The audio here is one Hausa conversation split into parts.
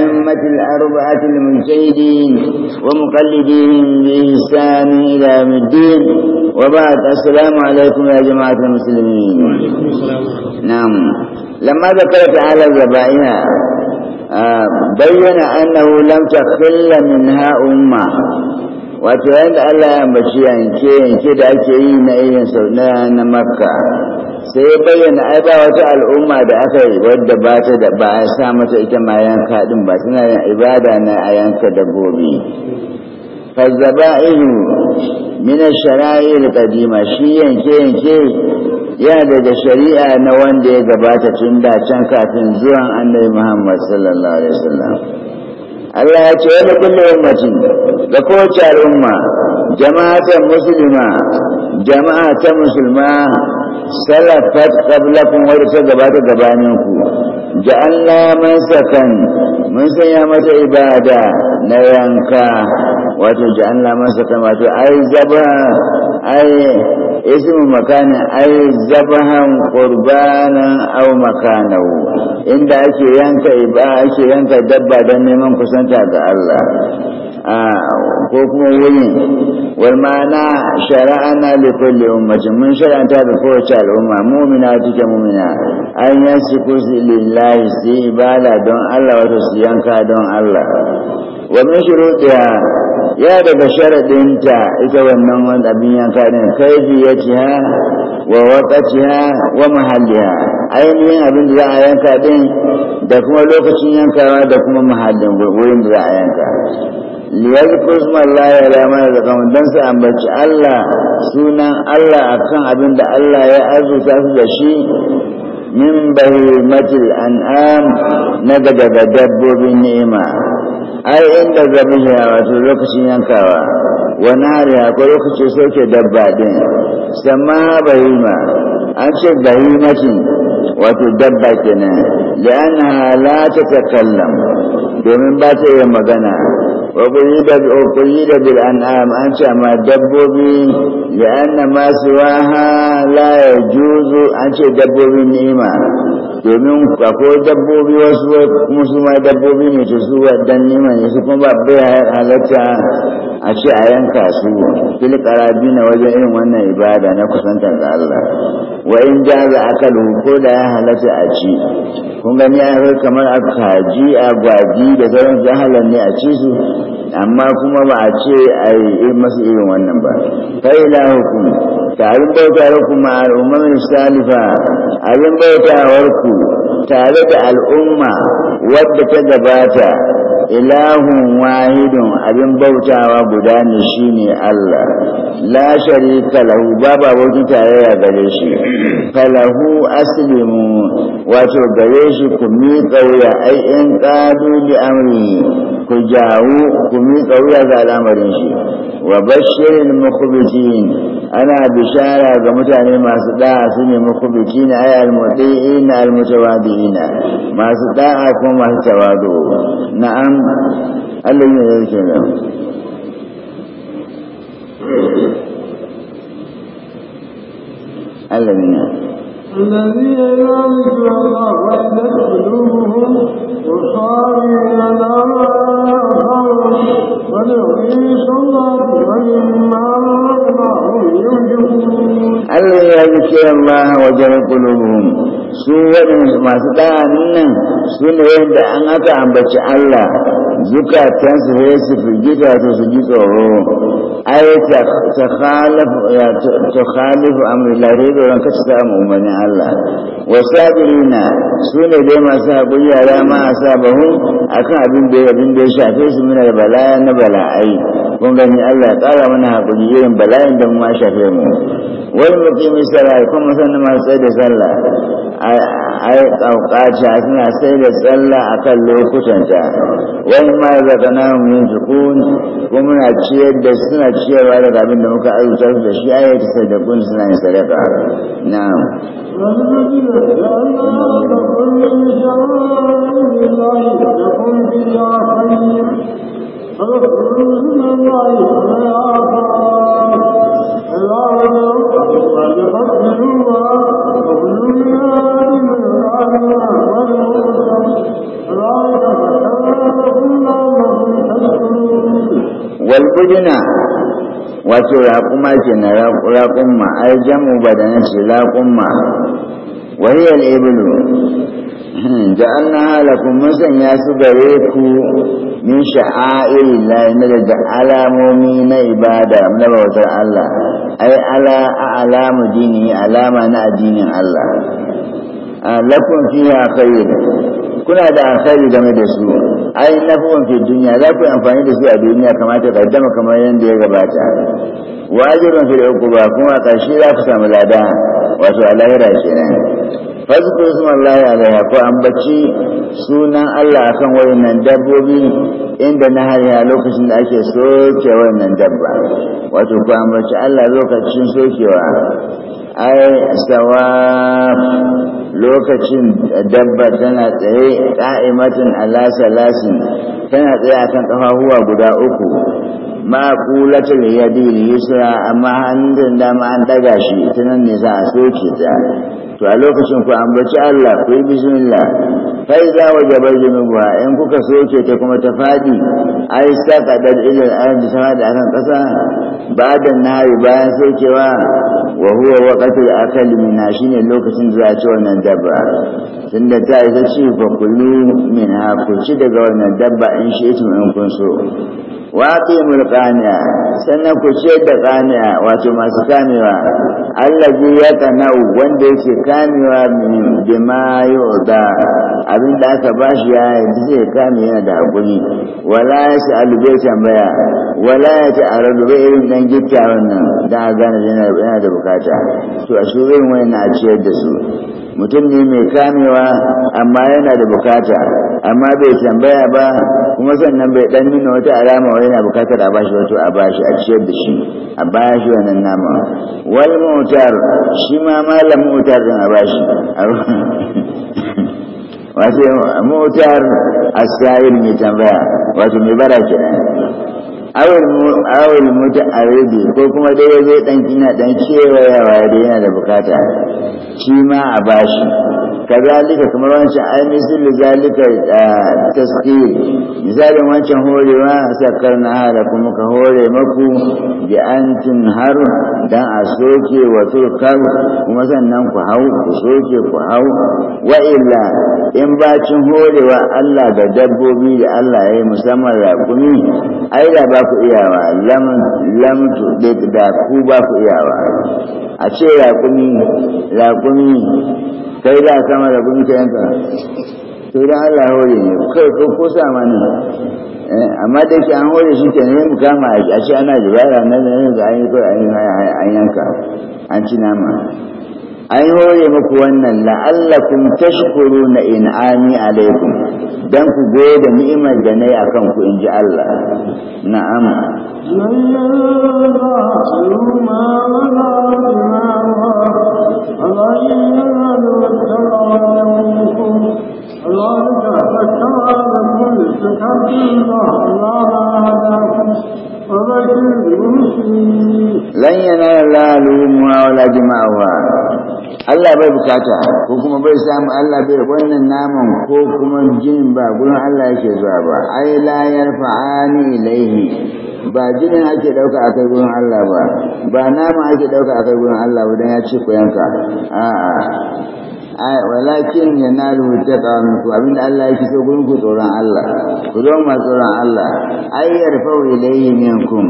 الأئمة الأربعة المجتهدين ومقلدين بإحسان إلى يوم الدين وبعد السلام عليكم يا جماعة المسلمين نعم لما ذكر تعالى الذبائح آه، بين أنه لم تخل منها أمة wato على Allah كي كي yanke إلى مكة sai bayyana ai ba wata al'umma da aka yi wadda ba ta da ba a sa mata ita ma yanka din ba suna yin ibada na a yanka dabbobi fazzaba'ihu min ash-shara'ir qadima shi yanke yanke ya daga shari'a na wanda ya gabata tun da can kafin zuwan annabi Muhammad sallallahu alaihi wasallam Allah ya ce wani kullu ummatin ga kowace al'umma jama'atan musulma jama'a ta musulma salafat qablakum wa ta gabata gabanin ku ja'alna masakan mun ya mata ibada na yanka wato ja'alna masakan wato ai zaba ai ismu makana ai zabahan qurbana aw makanahu inda ake yanka iba ake yanka dabba don neman kusanta ga Allah ko kuma wani wal ma'ana shara'ana li kulli ummatin mun shara'anta da kowa wace al'umma mumina duke mumina an yasiku lillahi su ibada don Allah wato su yanka don Allah wa min shurutiha ya daga sharaɗinta ita wannan wani abin yanka ne ha wa waqatiha wa mahalliha ainihin abin da za a yanka ɗin da kuma lokacin yankawa da kuma mahallin wurin da za a yanka liyar kusman laye lamar da kama don su ambaci Allah sunan Allah akan abinda abin da Allah ya azuta su da shi min bahimatil an'am na daga da dabbobin ni'ima ai inda zabiya wato lokacin yankawa wani hali ko lokacin soke dabba din sama bahima an ce bahimacin wato dabba kenan da ana la ta takallam domin ba ta iya magana وقيد بالأنعام أنت أما دبوبي لأن ما سواها لا يجوز أنت دبوبي نعمة domin akwai dabbobi wasu kuma su ma dabbobi ne su su dan nima ne su kuma ba ya halatta a ce a yanka su fil karabi na wajen irin wannan ibada na kusantar da Allah wa in ja za a kalu ko da ya halatta a ci kun gani an kai kamar a kaji a gwaji da sauran jahalar ne a ci su amma kuma ba a ce a yi masu irin wannan ba fa ila hukum ta abin bauta hukum ma al'ummar salifa abin bautawar ku tare da al'umma wadda ta gabata ilahun wahidun abin bautawa guda ne shine Allah la sharika lahu babu abokin tarayya gare shi falahu aslimu wato gare shi ku mi wuya ai in kadu bi amri ku jawo ku mi wuya ga al'amarin shi wa bashirin mukhbitin ana bishara ga mutane masu da'a su ne mukhbitin ay almuti'ina almutawadi'ina masu da'a kuma masu tawadu na'am عن الذين يرسلون الذين الذين يرسلون وحدت قلوبهم وصاروا على خلق ولغيس الله ومما رضناهم ينجبون الذين يذكر الله وجل قلوبهم suwan masdan suwan da anaka ambaci Allah zukatansu sai su firgita to su ji tsoro ai ta khalafu ya ta khalafu amrillah dai doron kace ta umarnin Allah wa sabirina su ne dai masu haƙuri yara ma a sabahu akan abin da ya abin da ya shafe su muna da balaya na bala'ai kun gani Allah ya ƙara mana haƙuri irin bala'in da mu ma shafe mu wal muqimi salat kuma sanin masu tsaye da sallah ai ƙauƙaci suna sai da sallah akan lokutanta wani مما رزقناهم ينفقون ومن ciyar da suna ciyarwa daga abin da muka azurta su da shi ayyuka sadakun suna yin sadaka na'am Allah wal ujuna wato raƙuma ke na raƙumma ai jamu badanin ce raƙumma wahiyar ibilu hmm, ja'anna lakum mun sanya su gare ku min sha'a'ir lahi na daga alamomi na ibada na bautar Allah ai ala alamu dini alama na addinin Allah lakum fiha khair kuna da alkhairi game da su ai na fi duniya za ku yi amfani da shi a duniya kamata dama kamar yadda ya gabata wajibin fi da ba kuma a ƙarshe za ku samu lada wato a lahira kenan Allah ya alaiha ko ambaci sunan Allah akan wayannan dabbobi inda na hariya lokacin da ake soke wayannan dabba wato an ambaci Allah lokacin sokewa ai sawa lokacin dabba tana tsaye ka'imatin ala salasin tana tsaye akan kafafuwa guda uku ma kulatul yadi yusra amma hannun dama an daga shi tunan ne za a soke ta to a lokacin ku ambaci Allah ku yi bismillah kai za wa jabar jinubuwa in kuka soke ta kuma ta fadi ai saka ilil ilal da sama da akan Ba da nahari bayan sokewa wa huwa waqatul akali shi shine lokacin da za a ci wannan dabba tunda ta ta ci fa kullu minha ku ci daga wannan dabba in shi ita in kun so waƙi mulkaniya sannan ku ce da ƙaniya wato masu kamewa allazi ya kanau wanda yake kamewa mai ma yi yurda abin da aka bashi ya yi zai kame yana da hakuri wala ya shi alube tambaya wala ya ci arabu bai irin dan gitta wannan dan a gane yana da bukata to a shi wani na ciyar da su mutum ne mai kamewa amma yana da bukata amma bai tambaya ba kuma sannan bai dan nuna wata alama wani yana bukatar a bashi wato a bashi a ciyar da shi a bashi wannan nama wal mutar shi ma malam mutar din a bashi wato motar asayir mai tambaya wato mai bara nan awil mutu a rage ko kuma dai ya zai ɗan kina dan kewayawa da yana da bukata shi ma a bashi Kazalika kamar wancan ainihi da zazikar taskiya, zan wancan horewa a saka na'ar da kuma ka hore maku biyancin harun, don a soke wato kar kuwa sannan ku hau ku soke ku hau. Wa illa in bacin horewa Allah da dabbobi da Allah yayi musamman raƙumi. Aida baku iyawa lamtu da ku baku iyawa, a ce raƙumi. kai da sama da gunkiyanta sai da Allah hore ne kai ko ko sama ne eh, amma da ke an hore shi ke ne mu kama a ce ana jibara nan nan da an yi ko an yi an yanka an ci nama an yi hore muku wannan la'allakum tashkuruna in'ami alaikum dan ku gode ni'imar da nayi akan ku in ji Allah na'am Allah lan yana lalu muwa wala jima'awa Allah bai bukata ko kuma bai samu Allah bai wannan naman ko kuma jinin ba gurin Allah yake zuwa ba ai la yarfa'ani ilaihi ba jinin ake dauka akai gurin Allah ba ba nama ake dauka akai gurin Allah ba dan ya ce ku yanka a'a walakin ya na rubuta tsawon ku abinda Allah yake kiso gurin ku tsoron Allah ku zo ma tsoron Allah ayyar fau ilayhi minkum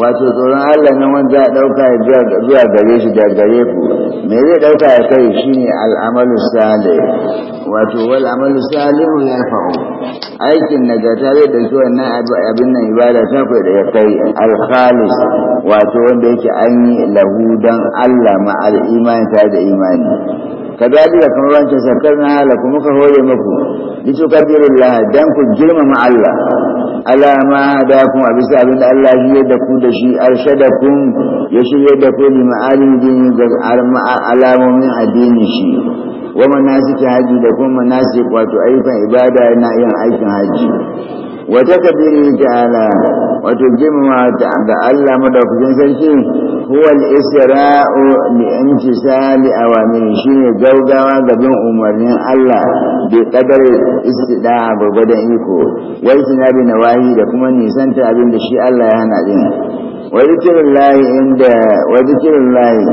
wato tsoron Allah ne wanda za dauka ya zuwa gare shi da gare ku me zai dauka ya kai shine al'amalu salih wato wal amalu salih ya fa'u aikin nagarta zai dauki wannan abin nan ibada ta kai da ya kai al khalis wato wanda yake an yi lahu Allah ma al imani tare da imani kadalika kamar wancan sakarna lakum muka hore muku litukabirullah dan ku girmama Allah ala ma hadakum a abin da Allah ya da ku da shi arshadakum ya shirye da ku bi ma'alim dini ga alamomin addini shi wa manasiki haji da kuma manasik wato ayyukan ibada na yin aikin haji wata kabiri ala, wato girma ta ga Allah madaukakin sarki huwal isra'u li imtisali awamiri shine gaugawa ga bin umarnin Allah bi qadar istida'a gurgudan iko wai sinabi nawahi da kuma nisan ta abin da shi Allah ya hana din wa zikrullahi inda wa zikrullahi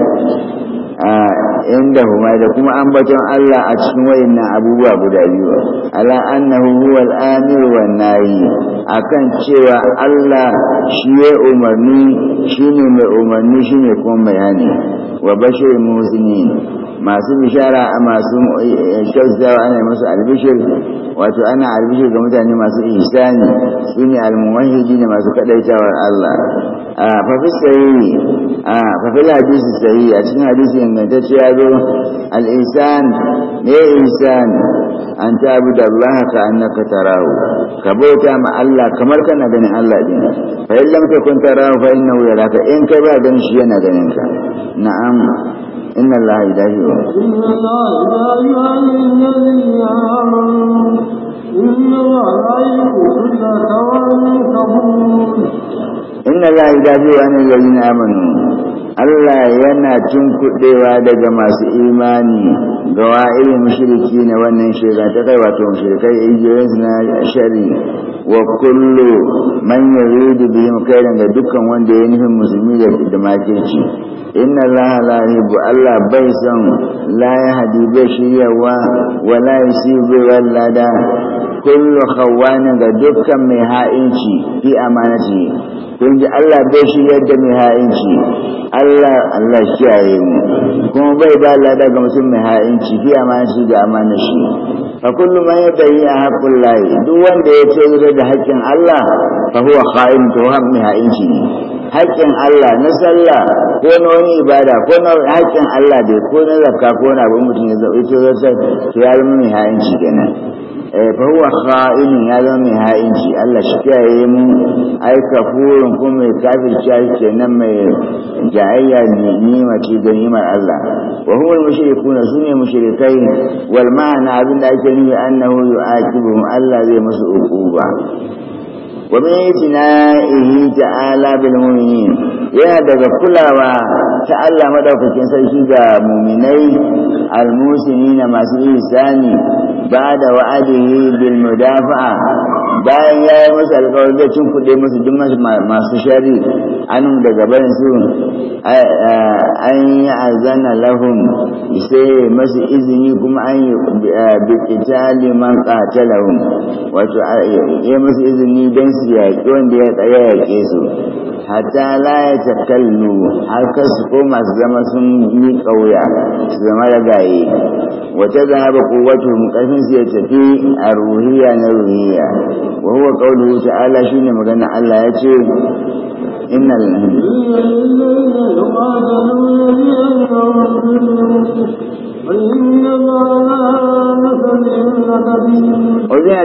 inda huma da kuma ambaton Allah a cikin wayannan abubuwa guda biyu ala annahu huwa al-amir wan nahi akan cewa Allah shi ne umarni shi ne mai umarni shi ne kuma mai hani wa bashir muzini masu bishara a masu kyautatawa ana masu albishir wato ana albishir ga mutane masu ihsani shine almuwahidi ne masu kadaitawar Allah a fa sahihi a fa hadisi sahihi a cikin hadisi ingantacce ya zo al'insan ne insan an ta da Allah ka annaka tarahu ka bauta ma Allah kamar ka na ganin Allah din fa in lam takun tarahu fa innahu haka in kai ba ganin shi yana ganin ka na'am inna Allah ilahi wa inna Allah ilahi wa إن الله يدافع عن الذين آمنوا Allah yana jin kuɗewa daga masu imani ga wa'ilin mushriki na wannan shirka ta kai wato mushrikai igiyoyin na shari wa kullu man yuridu bihim kai daga dukkan wanda ya nufin musulmi da makirci inna laha la bu Allah bai son la yahdi bai shiryawa wa la yusibu wallada kullu khawanin ga dukkan mai ha'inci fi amanati kun ji Allah bai shi yadda mai ha'inci Allah Allah kiyaye mu kuma bai ba lada ga mutum mai ha'inci fi amanati ga amanar shi fa kullu man yadayi a haqqul lahi duk wanda ya ce da haƙƙin Allah fa huwa kha'in to ha mai ha'inci ne haƙƙin Allah na sallah ko na wani ibada ko na haƙƙin Allah dai ko na zakka ko na abin mutum ya zaɓi to zai ya yi mai ha'inci kenan eh, fa huwa kha'inun ya zama mai ha'inci Allah shi kiyaye mu ai kafurun ko mai shi ake nan mai jayayya ne nima da nimar Allah wa huwa mushrikuna sune mushrikai wal ma'ana abinda ake nufi annahu yu'aqibuhum Allah zai musu uquba ومن اعتنائه تعالى بالمؤمنين yana daga kulawa ta Allah madaukakin sarki ga muminai almusini na masu ihsani ba da bayan ya yi musu alkawari da cin kuɗe masu duk masu shari an daga bayan su an yi azana lahun, sai masu izini kuma an yi bi liman man qatalahum wato ya masu izini don su yaƙi wanda ya tsaya yaƙe su hatta la ya takallu har ka su koma su zama sun yi ƙauya su zama ragaye wace zahaba wata karfin su ya tafi a ruhiya na ruhiya wa huwa ala ta'ala shine magana Allah ya ce إن الذين Wajen Uzina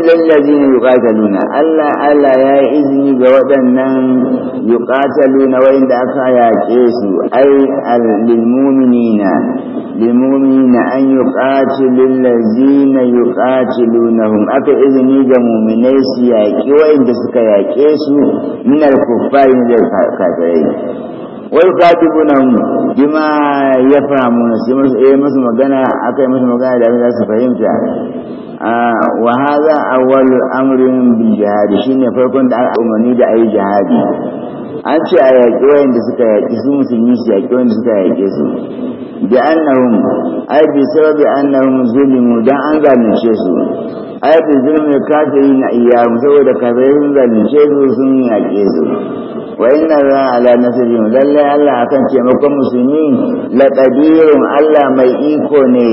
lallazina luna, Allah Allah ya yi izini ga waɗannan luna, yuqataluna da aka yaƙe su ai lilmuminina lilmuminina an yuqatilu luna, yuqatilunahum aka izini ga muminai su yaƙi da suka yaƙe su min al-kuffari da kafirai wai katibunan bima ya famu shi eh, masu magana aka yi masu magana da abin su fahimta ah, wa haza awwal amrin bil jihad shine farkon da aka umarni da ayi jihadi an ce a yaƙi wayanda suka yaƙi su musulmi su yaƙi wayanda suka yaƙi su bi annahum ay bi sababi annahum zulimu dan an zalunce su ay bi zulmi kafirin iyyahum saboda kafirin zalunce su sun yaƙe su wa inna za ala nasrihim lalle Allah akan taimakon musulmi la qadirun Allah mai iko ne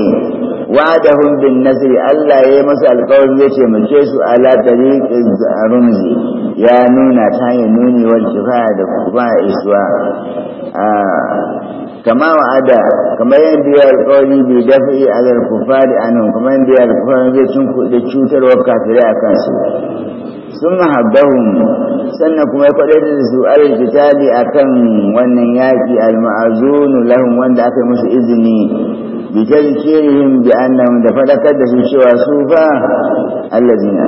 wa'adahum bin nasr Allah ya yi masu alƙawarin zai taimake su ala tariqin rumzi ya nuna ta hanyar nuni wal kifaya da kuma iswa kama wa'ada kamar yadda ya alƙawari bai dafi kufa da anan kamar yadda ya alƙawari zai cin kuɗi cutarwar kafirai a kansu sun mahabbahun sannan kuma ya kwaɗar da su alal kitali a kan wannan yaƙi alma'azunu lahun wanda aka yi musu izini bi tazkirihim bi annahum da faɗakar da su cewa su fa allazina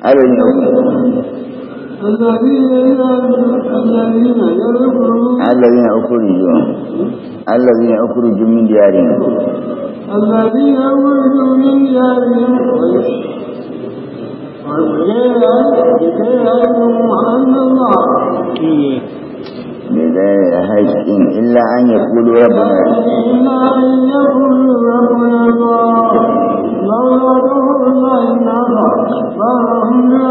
allazina الذين الذين يخرجون الذين أخرجوا الذين أخرجوا من ديارهم الذين أخرجوا من ديارهم بغير حق إلا أن يقولوا ربنا إلا أن يقولوا ربنا الله لولا دور الله إنها فهم لا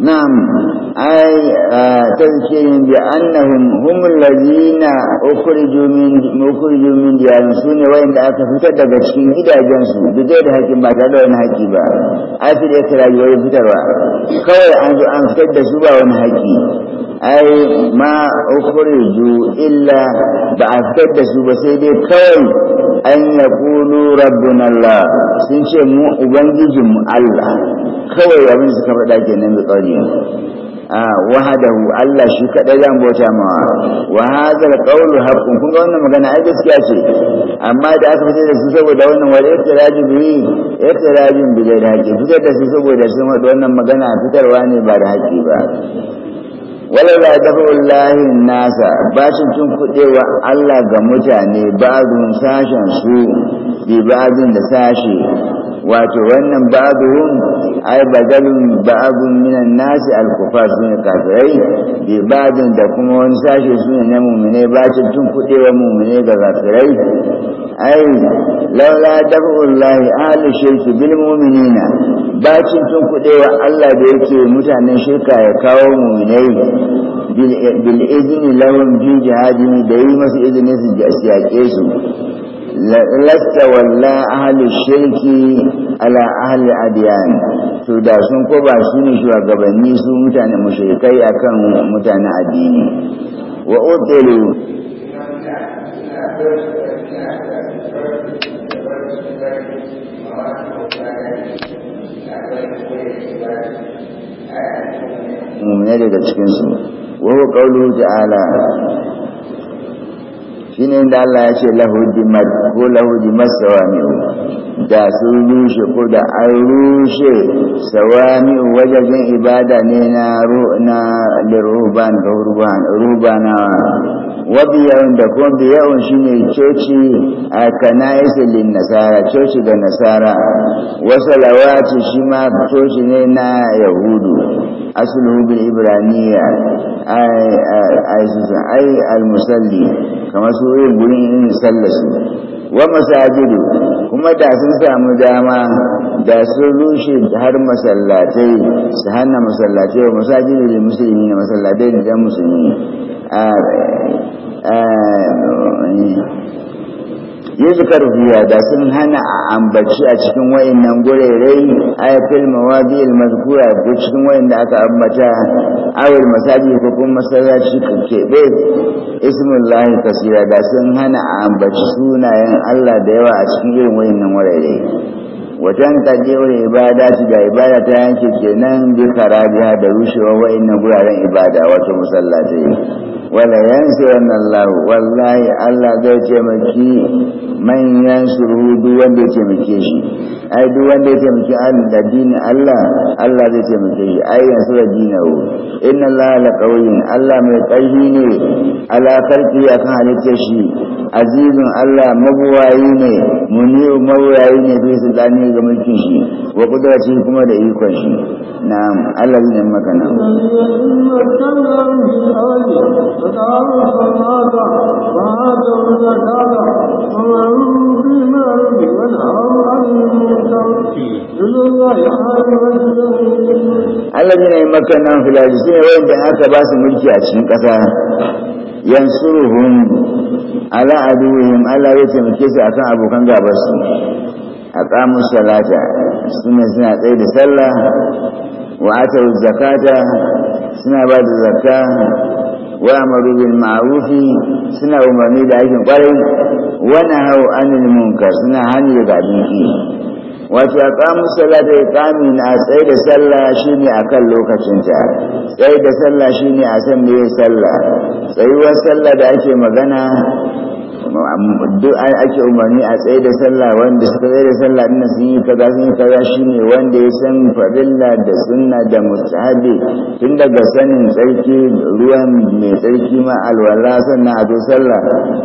نعم أي تذكيرهم بأنهم هم الذين أخرجوا من أخرجوا من ديارهم سنة وإن أكفت دقشين إذا جنسوا بغير حكيم ما تدعون حكيبا أفل إخراج ويفتروا كوي أن أفتد سبا ونحكي أي ما أخرجوا إلا بأفتد سبا سيدي كوي أن يقولوا ربنا الله سنشي مو أبنجي الله kawai abin suka faɗa kenan bi qawlihi wahadahu Allah shi kadai zan bauta mawa wa hadal qawlu haqqun kun ga wannan magana ai gaskiya ce amma da aka fice da su saboda wannan wal iqtiraji bi iqtirajin bi da haƙi fitar da su saboda sun wannan magana fitarwa ne ba da haƙi ba dafa dafullahi nasa ba shi cin kudewa Allah ga mutane bazun sashen su bi bazun da sashe wato wannan bazuhun ai bagalun ba'abun minan nasi alkufar su ne kafirai bi bazun da kuma wani sashe su ne na mumine ba shi cin kudewa mummune ga kafirai ai laula wallahi ahli shirki bil mu'minina ba shi kudewa Allah da yake mutanen shirka ya kawo ne bil izini lawan bi jihadin da yi masu izini su yaƙe su lasta walla ahli shirki ala ahli adiyan to da sun ba su ne shugabanni su mutane mushrikai akan mutane addini wa utilu Thank you. ne daga cikinsu wahu ƙaulu ta'ala shi ne da Allah ya ce lahudimat ko lahudimat sawami'u da sun rushe ko da an rushe sawani wajajen ibada ne na liruban ga rubanawa yawon da kuma yawon shi ne coci a kanaisilin nasara coci ga nasara wasu lawaci shi ma coci ne na yahudu asulu hudun ibraniya ai al-musalli, kamar su yin gurin yin sallasu wa masajidu kuma da sun samu dama da sun rushe har masallatai su hana masallatai wa masajidu da musulmi na masallatai da musulmi yuzkar fiya da sun hana a ambaci a cikin wayannan gurerai ayatul mawadi al mazkura ko cikin wayanda aka ambata awil masaji ko kuma masallaci be ismullahi kasira da sun hana a ambaci sunayen Allah da yawa a cikin irin wayannan gurerai wajen kaje wani ibada su ga ibada ta yanke kenan duka karabiya da rushewa wa'annan guraren ibada wato musallatai wala yansu wannan wallahi Allah zai taimaki manyan yansu duk wanda ya taimake shi ai duk wanda ya taimaki addinin Allah Allah zai taimake shi ai yansu da dinawo inna Allah la qawiyin Allah mai ƙarfi ne ala ya akan halitta shi azizun Allah mabuwayi ne muniyu mabuwayi ne bi sultani ne ga mulkin shi wa kudraci kuma da ikon shi na'am Allah nan maka nan Allah ne maka nan filaji ne wanda aka ba su mulki a cikin ƙasa yansuruhum ala aduwihim Allah ya taimake su akan abokan gabar su A ƙamun salata suna suna tsaye da sallah wa atau zakata suna ba da zakka wa amaru bil ma'ruf suna umarni da aikin kwarai wa nahau anil munka suna hani daga abinki wato ƙamun salata ya ƙami na tsaye da sallah shine a kan lokacinta? tsaye da sallah shine a san me sallah tsayuwar sallah da ake magana duk ake umarni a tsaye da sallah wanda suka tsaye da sallah ina sun yi kaza sun yi kaza shine wanda ya san fadilla da sunna da mutahabi tun daga sanin tsarki ruwan mai tsarki ma alwala sannan a zo sallah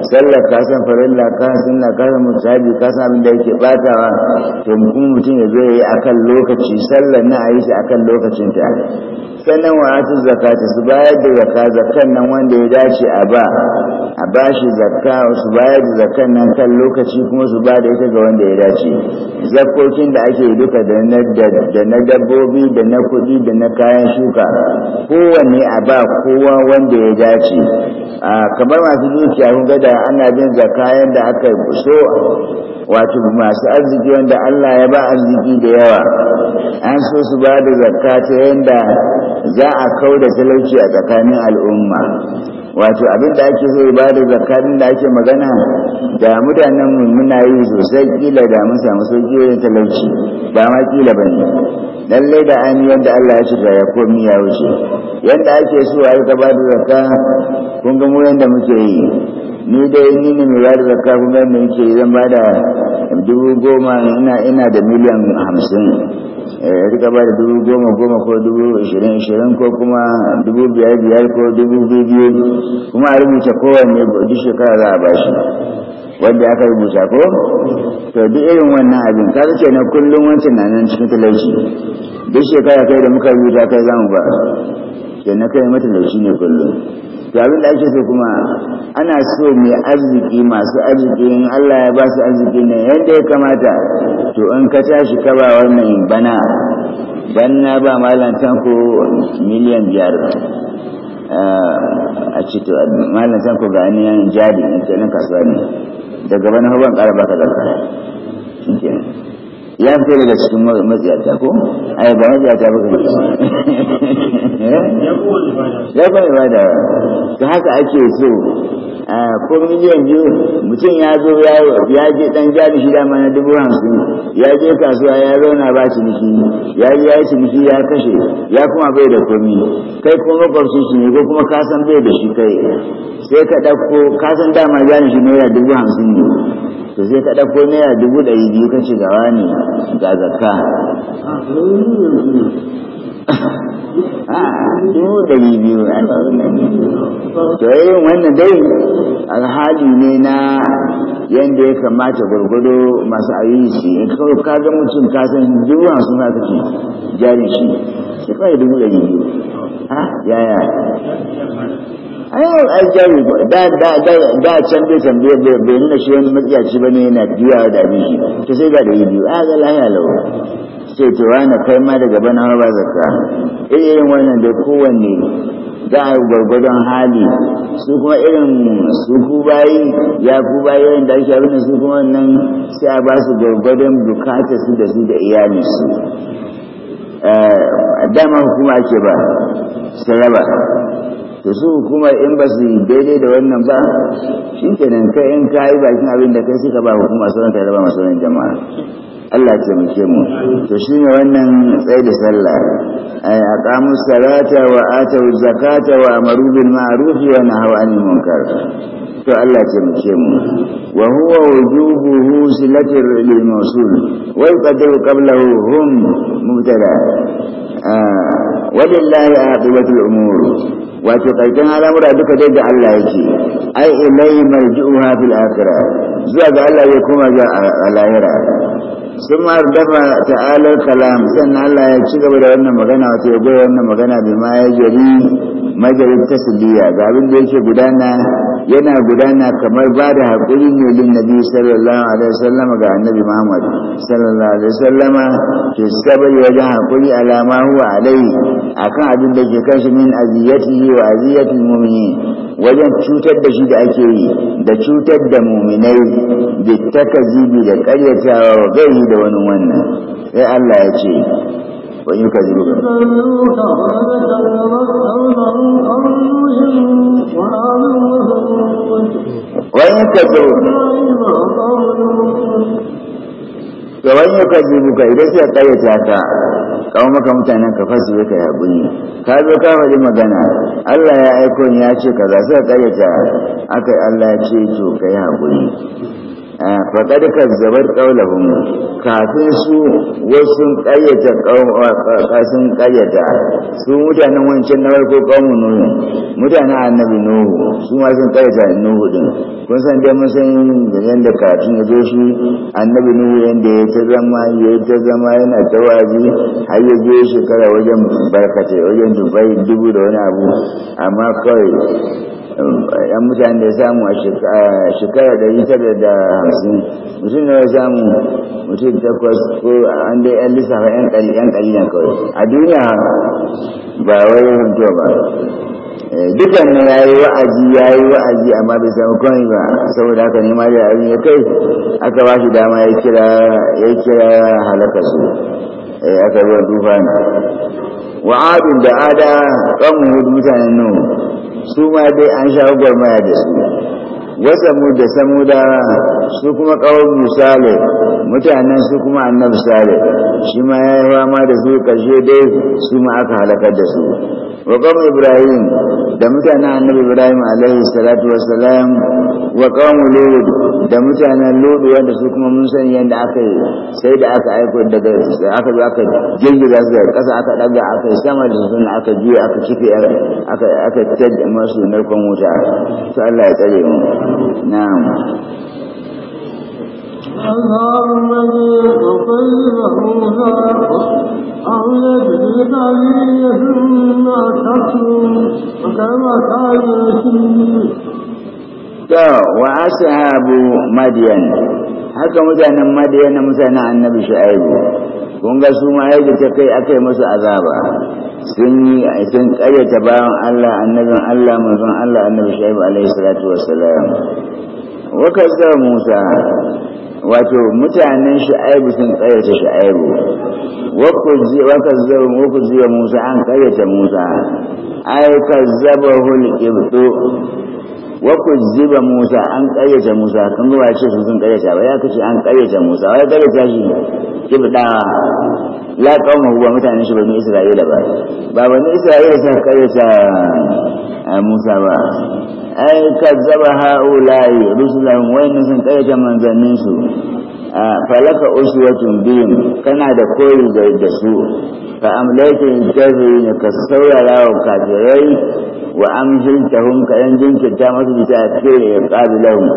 sallah ka san fadilla ka sunna ka san mutahabi ka san abin da yake batawa to kuma mutum ya zo yayi akan lokaci sallah na a yi shi akan lokacin ta sannan wa atu zakata su bayar da zakka zakkan nan wanda ya dace a ba a bashi zakka su bayar da zakan nan kan lokaci kuma su ba da ita ga wanda ya dace zakokin da ake duka da na dabbobi da na kuɗi da na kayan shuka kowanne a ba kowa wanda ya dace kamar masu dukiya kun ga ana bin zakka yadda aka so wato masu arziki wanda Allah ya ba arziki da yawa an so su ba da zakka ta yadda za a kau da talauci a tsakanin al'umma wato abin da ake so ba da zakarin da ake magana da mutanen mu muna yi sosai kila da mun samu sauki wurin talauci ba ma kila ba ne lalle da an yi yadda Allah ya cika ya komi ya wuce yadda ake so a yi ba da zakka kun ga mu yadda muke yi ni dai ni ne mai ba da zakka kun ga yadda muke yi zan ba da dubu goma ina da miliyan hamsin ya rika ba da dubu goma goma ko dubu ishirin ishirin ko kuma dubu biyar biyar ko dubu biyu biyu kuma a rubuta kowanne duk shekara za a ba shi wanda aka rubuta ko to duk irin wannan abin ka na kullum wancan na nan cikin talauci duk shekara kai da muka rubuta kai zamu ba da na kai shi ne kullum to abin da ake so kuma ana so mai arziki masu arziki in Allah ya ba su arziki ne yadda ya kamata to in ka tashi ka ba wannan bana bana ba malam tanko miliyan biyar ah, a ce to malam tanko ga ni yan jari in nan kasuwa ne daga bana ban ƙara baka zarkara ya fito daga cikin matsiyata ko ai ba matsiyata ba ka Eh? ya kuma ibada ta haka ake so a miliyan biyu mutum ya zo ya je dan shi shida mana dubu hamsin ya je kasuwa ya zauna ba ciniki ya yi ya ciniki ya kashe ya kuma bai da komi kai kuma makwabci shi ne ko kuma kasan bai da shi kai sai ka ɗauko kasan dama jari shi naira dubu hamsin ne to sai ka ɗauko naira dubu ɗari biyu ka ci gawa ne ga zakka ah, dubu biyu to wannan dai alhali ne na yadda ya kamata gwargwado masu ayyuki shi in kawai ka ga mutum ka san duwan suna kake jari shi sai kawai dubu ɗari biyu ha ah, yaya ayyar aljari da da da da can bai tambaye bai nuna shi wani matsiyaci ba ne yana juyawa wa abin shi to sai ga da yi biyu a ga lahiya lau sai to wani kai ma daga bana ba zakka eh, irin wannan da kowanne za a gwargwadon hali su kuma irin su ku bayi ya ku bayi yayin da ake abin su kuma wannan sai a ba su gwargwadon bukatar su da su da iyalinsu eh, dama hukuma ake ba su raba to su kuma in ba su daidai da wannan ba shi kenan kai in ka yi bakin abin da kai suka ba hukuma sauran kai raba masu jama'a Allah ce muke mu to shi ne wannan tsaye da sallah ai aqamu salata wa atu zakata wa amaru bil ma'ruf wa nahaw anil munkar to Allah ce muke mu wa huwa wujubuhu silatir lil mawsul wa yuqaddiru qablahu hum mubtada ah, walillahi aqibatu al umur wato karshen al'amura duka dai da Allah yake ai ilai marji'uha fil akhirah zuwa ga Allah ya koma ga lahira sun ma dafa ta'alar kalam sannan Allah ya ci gaba da wannan magana wato ya goya wannan magana bi ma ya majalis tasbiya ga abin da yake gudana yana gudana kamar ba da haƙuri ne lin nabi sallallahu alaihi wasallam ga annabi Muhammad sallallahu alaihi wasallam ke sabari wajen haƙuri alama huwa alai akan abin da ke kashi min aziyatihi wa aziyati mu'mini wajen cutar da shi da ake yi da cutar da mu'minai da takazibi da ƙaryatawa wa yi da wani wannan sai Allah ya ce وإن يكذبوك وإن idan وإن a إذا سيقيت هكا kawo maka mutanen ka su ka ya ka zo kama faɗi magana Allah ya aiko ya ce kaza sai ka karyata akai Allah ya ce to ka yi haƙuri faƙaɗi ka zabar ƙaunahun kafin su wasu ƙayyata ƙasin ƙayyata su mutanen wancan na farko ƙaunin nuhu mutanen annabi nuhu su ma sun ƙayyata nuhu ɗin kun san dai mun san yadda kafin ya zo shi annabi nuhu yadda ya ta zama ya ta zama yana ta waje har ya zo shekara wajen barkatai wajen dubai dubu da wani abu amma kawai yan mutane da samu a shekara ɗari tara da hamsin mutum da samu mutum takwas ko an da yan lissafa yan ƙalilan kawai a duniya ba wai hantuwa ba eh, Dukkan na ya yi wa'azi ya yi wa'azi amma bai samu kawai ba saboda haka nema da abin ya kai aka ba shi dama ya kira ya kira halakar su eh, aka ruwan tufa ne wa'adun da ada kan hudu mutanen nan. su ma dai an sha gwamaya da su wasamu da samuda su kuma kawo misali mutanen su kuma annabi sale shi ma ya yi ma da su karshe dai su ma aka halakar da su wa kawar ibrahim da mutanen annabi ibrahim alaihi salatu wasalam wa kawar lord da mutanen lord wanda su kuma mun sani yadda aka yi sai da aka aiko daga aka zo aka girgiza su da ƙasa aka daga aka yi sama da sun aka juya aka cike aka aka tajjama su narkon wuta su Allah ya tsare mu نعم الله الذي تطيره نار أو يجد عليه ما تكون وكما قال وعسى أبو مدين هكذا مدين مدين مدين النبي شعيب kun ga su ma yadda ta kai akai yi musu azaba sun yi sun ta bayan Allah annabin Allah manzon Allah annabi Shu'aib alaihi salatu wassalam wa kaza Musa wato mutanen Shu'aib sun kayyata Shu'aib wa kaza wa kaza wa kaza Musa an ta Musa ay kazzabahu al-qibtu wa ziba Musa an ƙayyace Musa kan zuwa ya ce su sun ƙayyace. ba ya kace an ƙayyace Musa wai ƙayyace shi kibda la qauma huwa mutane shi bani Isra'ila ba ba bani Isra'ila sun ƙayyace eh, Musa ba ai ka kazzaba haula'i rusulan wa sun ƙayyace manzannin su falaka uswatun bihim kana da koyi da su fa amlaitin kafirin ka saurara wa kafirai wa amjintahum ka yan ta masu bisa a cikin ya qabilahum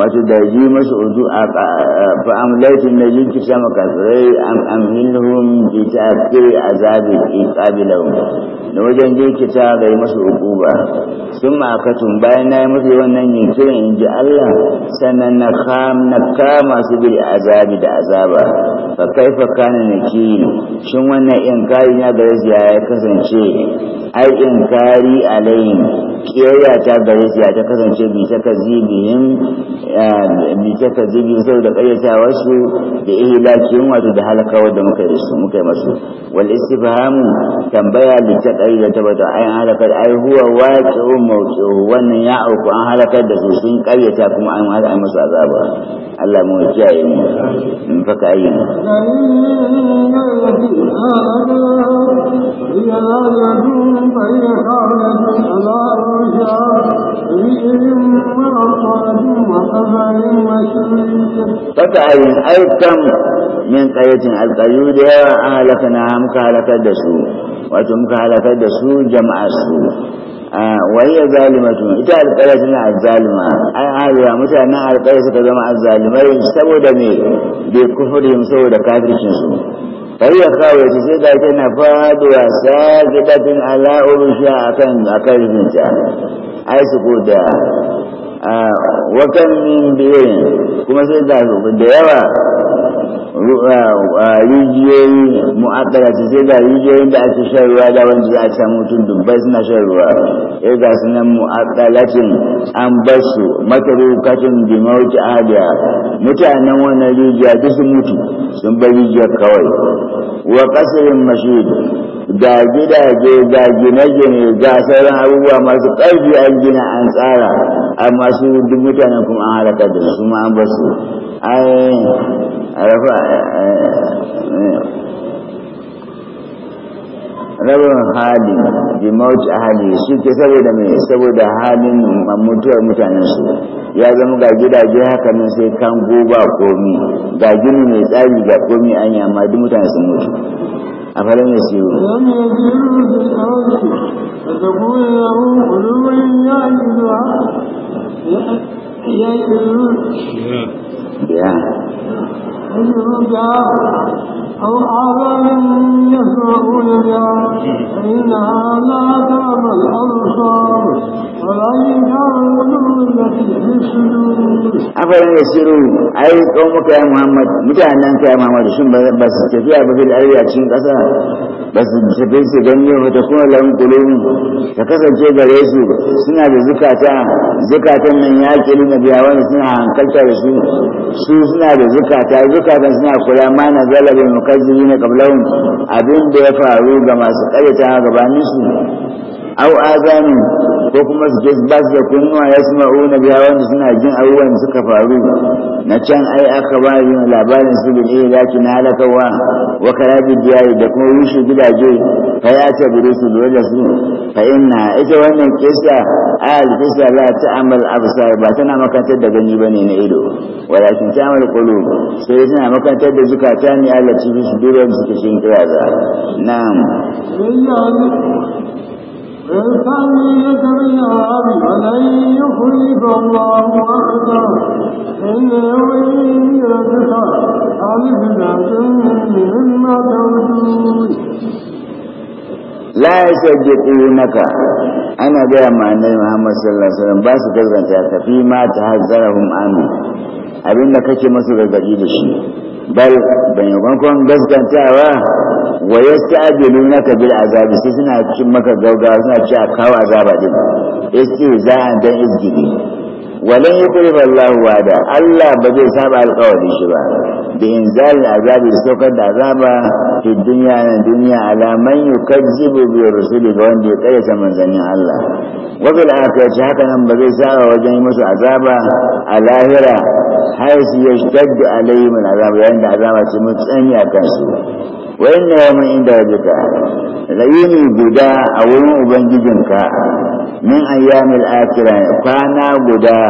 wato da ji masu uzu a fa'amlaitin da jin kisa makasarai amhinhum bi ta'kiri azabi iqabilahum da wajen jin kisa ga masu ba. sun makatun bayan na yi musu wannan yankin in ji Allah sannan na kama su bil azabi da azaba fa kaifa na nakiri shin wannan inkari na gare su ya kasance ai inkari alayhim kiyayya ta gare ya ta kasance bi ta kazibihim bita jibi sai da kayyatawa su da ihlakin wato da halakawa da muka yi su muka yi masu wal istifham tambaya li ta kayyata ba ai halaka ai huwa waqi'u mawqi'u wannan ya auku an halakar da su sun kayyata kuma an hada masa azaba Allah mu kiyaye mu in faka ayyana هي ya فهي خالد على ya بإذن ya وصاد fata'ayin aikam min ƙaryacin alƙayu da yawa an halaka na muka halakar da su wato muka halakar da su jama'a su wayya tun? ita alƙarya tana azzalima ai aliya mutanen alƙarya suka zama azzalimai saboda me bai kufurin saboda kafircin su fayya kawai shi sai da tana faduwa sagidatin ala'urusha akan akan rikinta ai su ko da a ah, kan kuma sai da da yawa ah, ah, rijiyoyi mu'addarati sai da rijiyoyin da ake shan ruwa da wanda za a samu mutum dubbai suna shan ruwa ya eh, ga su nan mu'addalatin an basu su katin bi mawuki adiya mutanen wannan rijiya duk sun mutu sun bar rijiyar kawai wa kasirin mashid ga gidaje ga gine-gine ga sauran abubuwa masu ƙarfi an gina an tsara amma su duk mutane kuma an halaka da su ma an basu ai rafa rabin hali bi mawuci hali shi ke saboda mai saboda halin mutuwar mutanen su ya zama ga gidaje haka nan sai kan goba komi ga gini mai tsari ga komi an yi amma duk mutane sun mutu a fara ya siyo ya الهدى الأعلم يسرع إلا لا تعب الأبصار a farin da siru a yi tsohonka ya muhammadu mutanen ka ya muhammadu ba su tafiya ba fil arewa cikin ba su tafi su ganye wata kuma lamun kulomi ta kasance gare su suna da zukata zukatan nan ya ke nuna biya wani suna hankalta da su su suna da zukata zukatan suna kula ma na zalabin mukajiri na kablahun abin da ya faru ga masu karyata gabanin su au ko kuma su je ba su da kunnuwa ya su ma'una biya wanda suna jin abubuwan da suka faru na can ai aka ba yin labarin su bin iya na halakawa wa karabi diyari da kuma rushe gidaje fa ya ce bude su da su fa inna ita wannan kisa ayal kisa la ta amal absar ba tana makantar da gani ba ne na ido walakin ta amal qulub sai tana makantar da zukata ne Allah ci su dole su cikin kira Na. الثانية بالعام ولن يخلف الله وعده إن يوين تسع ألف ناس مما توجود la ya shage naka ana gaya ma annabi Muhammad sallallahu alaihi wasallam ba su gazganta ka fi ma ta hazzarahum amin abin da kake masa gargaɗi da shi bal ban yankon gaskantawa wa ya sa'adilu na bil azabi sai suna cin maka gaugawa suna ci a kawo azaba din za a dan izgidi walan yukrib Allah da Allah ba zai saba alƙawari shi ba bi inzal azabi saukar da azaba fi dunya na duniya ala man yukazzibu bi rusuli ga wanda ya karyata manzannin Allah wa bil akhirati haka nan ba zai saba wajen musu azaba a lahira haisu yashtaddu alaihim azaba yayin da azaba ce mu a kansu wa inna yawman inda rabbika la yuni guda a wurin ubangijinka min ayyamil akhirah kwana guda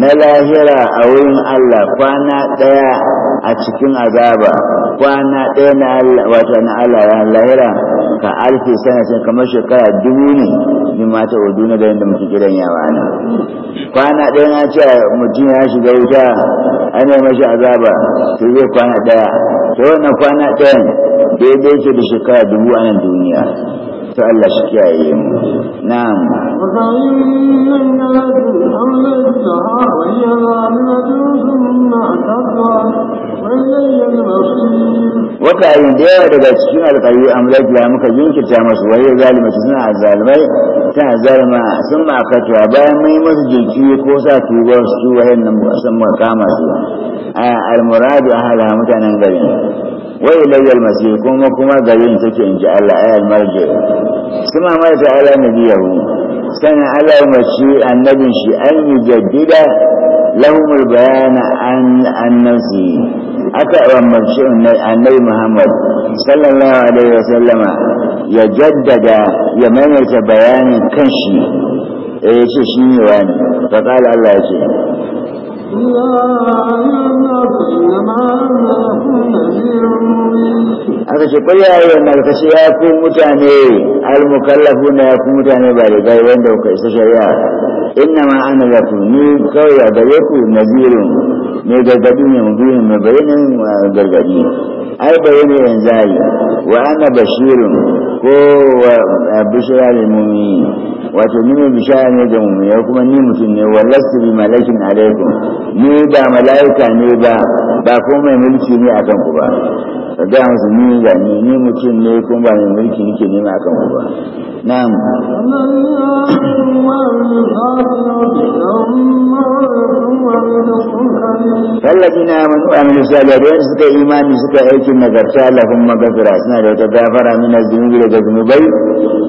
na lahira a wurin Allah kwana ɗaya a cikin azaba kwana ɗaya na Allah wato na Allah ya lahira ka alfi sanatin kamar shekara dubu ne ni ta udu na da muke gidan yawa ne kwana ɗaya na ce mutum ya shiga wuta ana mashi azaba to zai kwana ɗaya to wannan kwana ɗayan daidai ce da shekara dubu a nan duniya to Allah shi kiyaye mu na'am wa wata ayin da yawa daga cikin alƙari ya muka jinkirta masu waye zalimatu suna azalmai ta zalima sun makatuwa bayan mai masu jinkiri ko sa tubar su wayan nan sun makama su a almuradu a hala mutanen garin wai layyar masir kuma kuma garin take in ji allah ayal su ma mara ta ala mu. sana Allah mace annabin shi an yi jaddida lahumul bayana an nafsi aka umarci annabi Muhammad sallallahu alaihi Sallama, ya jaddada ya maimaita bayanin kanshi eh, ya ce shi ne wani faƙal Allah ya ce aka ce kwalya ya malkaci ya ku mutane almukallafu na ya ku mutane ba da gai wanda kuka isa shari'a inna ma ana lafu ni kawai a gare ku nazirin ne gargadi ne birin mai bayanin gargadi ai ne yan zai wa ana bashirin ko wa bishira ne Mummi, wato ni mai bishara ne ga ya kuma ni mutum ne wallastu bi malakin alaikum ni ba mala'ika ne ba ba ko mai mulki ne a kanku ba ka ga musu ni ga ni ni mutum ne kuma ba mai mulki nake nema a kanku ba na'am Wallazina amanu amilu salihati suka imani suka aikin nagarta lahum maghfira suna da wata gafara mina zunubi daga zunubai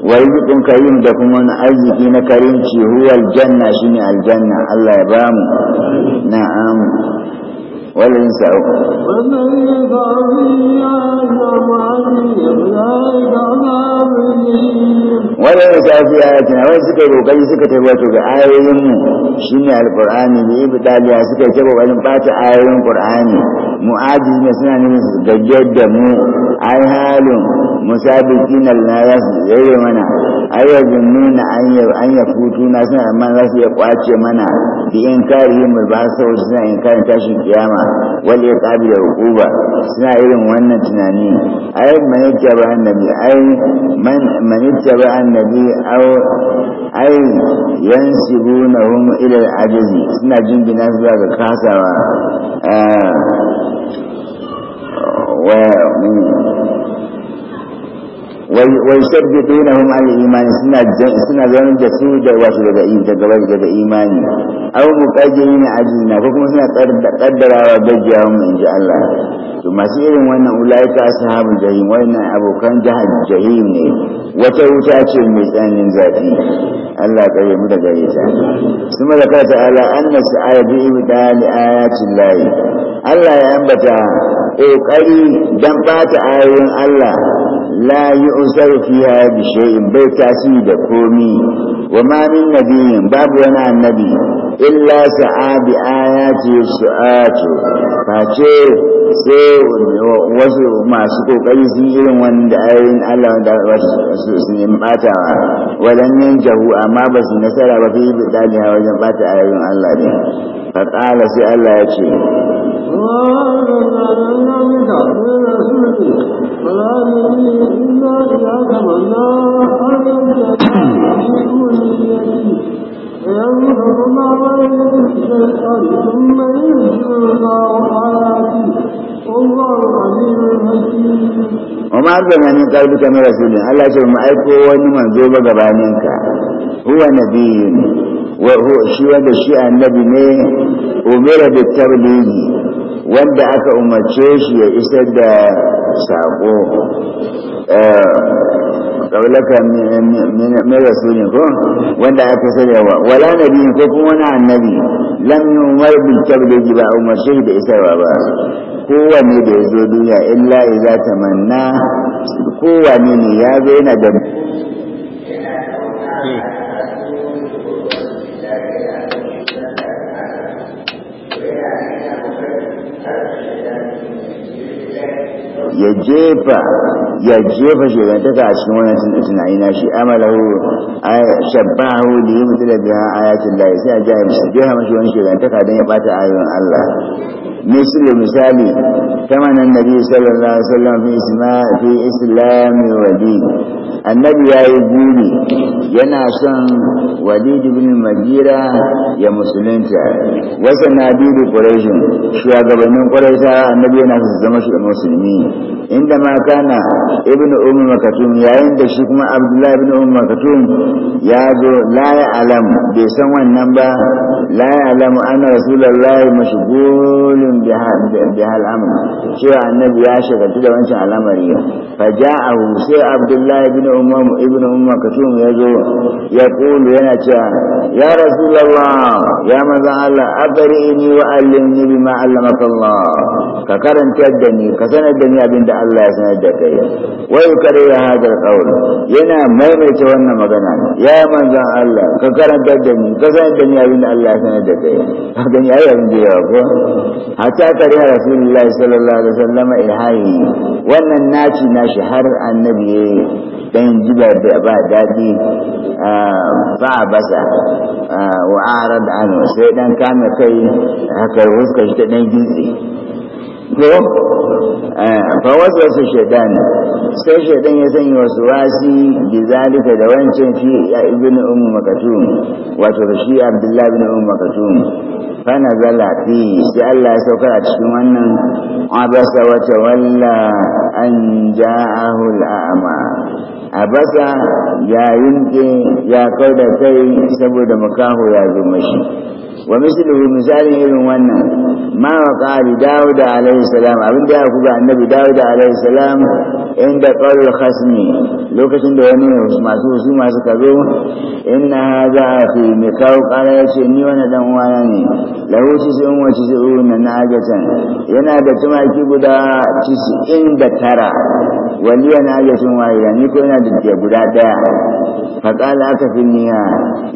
ويزقن كريم دكم من أزقين كريم هو الجنة شنو الجنة الله يبام نعم ولن سعوا ومن يفعل ولن يسعوا في آياتنا وين سكي روكي سكي تبوتو بآية يمو شنو القرآن بإبتالي سكي تبوتو بآية القرآن mu'ajiz ne suna neman su gajiyar da mu ai halin musabiki na lalata su tsere mana ayyar nuna an ya futu na suna amma za su iya kwace mana da in kari yin mulba saboda suna in karin tashin kiyama wani ya kabi da hukuba suna irin wannan tunani ai man yattaba annabi ai man man yattaba annabi aw ai yansibunahum ila al-ajzi suna jingina zuwa ga kasawa ah, mm. wai sharbi bainahum al iman suna suna zaune da su da wasu daga imani daga wani daga imani aw muqajjirina ajina ko kuma suna kaddarawa gajiyawun in ji Allah masu irin wannan ulaika ashabul jahim wannan abokan jahal jahim ne wata wuta ce mai tsananin zafi Allah kare mu daga ita ta'ala Allah ya ambata ƙoƙari don ɓata ayoyin Allah la yi usar fiya bi bai tasiri da komi wa ma min nabiyin babu wani annabi illa sa'a bi ayati su'atu face sai wasu masu kokari sun irin wanda ayoyin Allah da wasu sun yi batawa wajen yin jahu amma ba su nasara ba fi bi wajen bata ayoyin Allah ne a ƙala sai Allah ya ce Wama arzana min ƙarfi kamar rasulun Allah ce ma aiko wani manzo ba gabaninka, huwa nabiyin wa huwa shi wanda shi annabi ne umira wanda aka umarce shi ya isar da sako kaulaka min rasulin wanda aka sadarwa wala nabi ko kuma wani annabi lam yumar bil tablighi ba umarce shi da isarwa ba kowanne da ya zo duniya illa idza tamanna kowanne ne ya zana yana da ya jefa ya jefa shegantaka a cikin wannan tunani na shi amalahu shabbahu da yi mutu da biya ayatin layi sai a jaya mashi wani shegantaka don ya bata ayoyin Allah مثل مثال ثمن النبي صلى الله عليه وسلم في اسماء في اسلام وليد النبي يا يجيني ينا شان وليد بن المجيرة يا مسلمين وسناديد قريش شو قبل من قريش النبي ينا الزمش المسلمين inda ma kana Ibn ummu Makatun yayin da shi kuma abdullahi Ibn ummu Makatun ya zo la ya alam bai san wannan ba la ya alam anna rasulullahi mashghulun bi hal amr cewa annabi ya shagaltu da wancan al'amari fa ja'ahu sai abdullahi Ibn ummu ibnu ummu makatum ya zo ya kulu yana cewa ya rasulullah ya manzon Allah abari ni wa allimni bima allamaka Allah ka karanta da ni ka sanar da ni abin da Allah ya sanar da kai wai kare ya hadar qaul yana maimaita wannan magana ya manzon Allah ka karanta da ni ka sanar da ni abin Allah ya sanar da kai ka gani ai abin da yawa ko hatta kare ya rasulullah sallallahu alaihi wasallam ilhahi wannan naci nashi har annabi yayi dan jiba da ba dadi ba basa wa arad an sai dan kame kai haka fuskar shi ta dan gintsi ko eh, fa waswasa shaitan sai shaitan ya sanya wasu wasi bi zalika da wancan fi ibn ummu makatum wato da shi abdullahi ibn ummu makatum fa nazala fi sai Allah ya sauka a cikin wannan abasa wa tawalla an ja'ahu al'ama abasa ya yinke ya kauda da kai saboda makaho ya zo mashi wa mislihu misalin irin wannan ma wa qali dawud alaihi alaihi salam abin da ya ga annabi dawud alaihi salam inda qawl khasmi lokacin da wani masu su masu kazo inna hadha fi mikau qala ce ni wani dan uwa ne lahu tis'un na tis'una can yana da tumaki guda 99 da tara ga najatun wahida ni ko yana da guda daya faƙala aka fi niya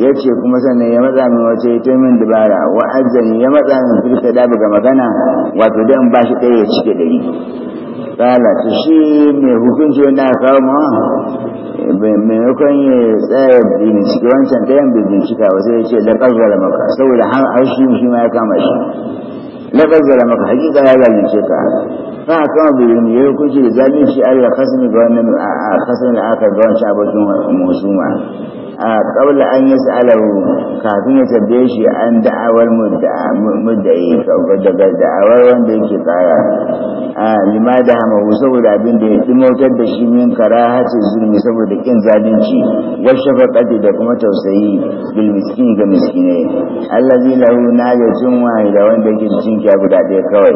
ya ce kuma sannan ya matsa min wace ya min dubara wa azzani ya matsa min firka dabu ga magana wato dan ba shi ɗaya ya cike ɗari ƙala ta shi mai hukunci wanda aka kawo ma maimakon ya tsaya bincike wancan ɗayan bai bincika wasu ya ce da ƙarfara maka saboda har shi shi ma ya kama shi na bazzara maka hakika ya zalunce ka a kama birni ya kuce da zalunci allah kasani ga wannan a kasani aka ga wancan abokin musuma a ƙaula an yi sa'alahu kafin ya tabbe shi an da'awar mudda'i daga da'awar wanda yake kara a lima da hamahu saboda abin da ya timotar da shi min kara hace zulmi saboda ƙin zalunci wasu faƙaɗi da kuma tausayi bil miskin ga miskinai allazi lahu na da cin wahida wanda yake cikin kya guda ɗaya kawai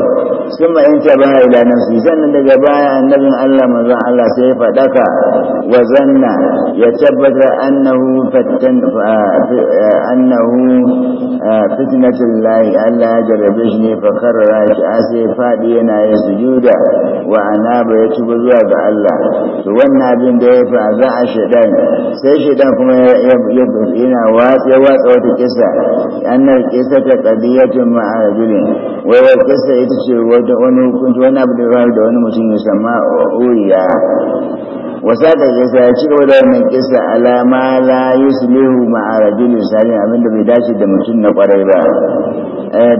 sun ma yanta ba ila nafsi sannan daga baya annabin allah manzon allah sai ya faɗaka wa zanna ya tabbatar annahu أنه فتن أنه فتنة الله ألا جربشني فخر راشعسي فادينا يسجودا وأنا بيتب زواج الله سوانا بن ديفا ذا شدان سيشدان كما يبقينا واسي واسي وتكسا أن الكسة قضية مع رجل وهو الكسة يتشي ونو كنت وانا بدي راه دون مسلم يسمى أولياء wasata kisa ya ci gaba da wannan kisa alama la yuslihu ma'a rajulin sani abinda bai dace da mutum na kwarai ba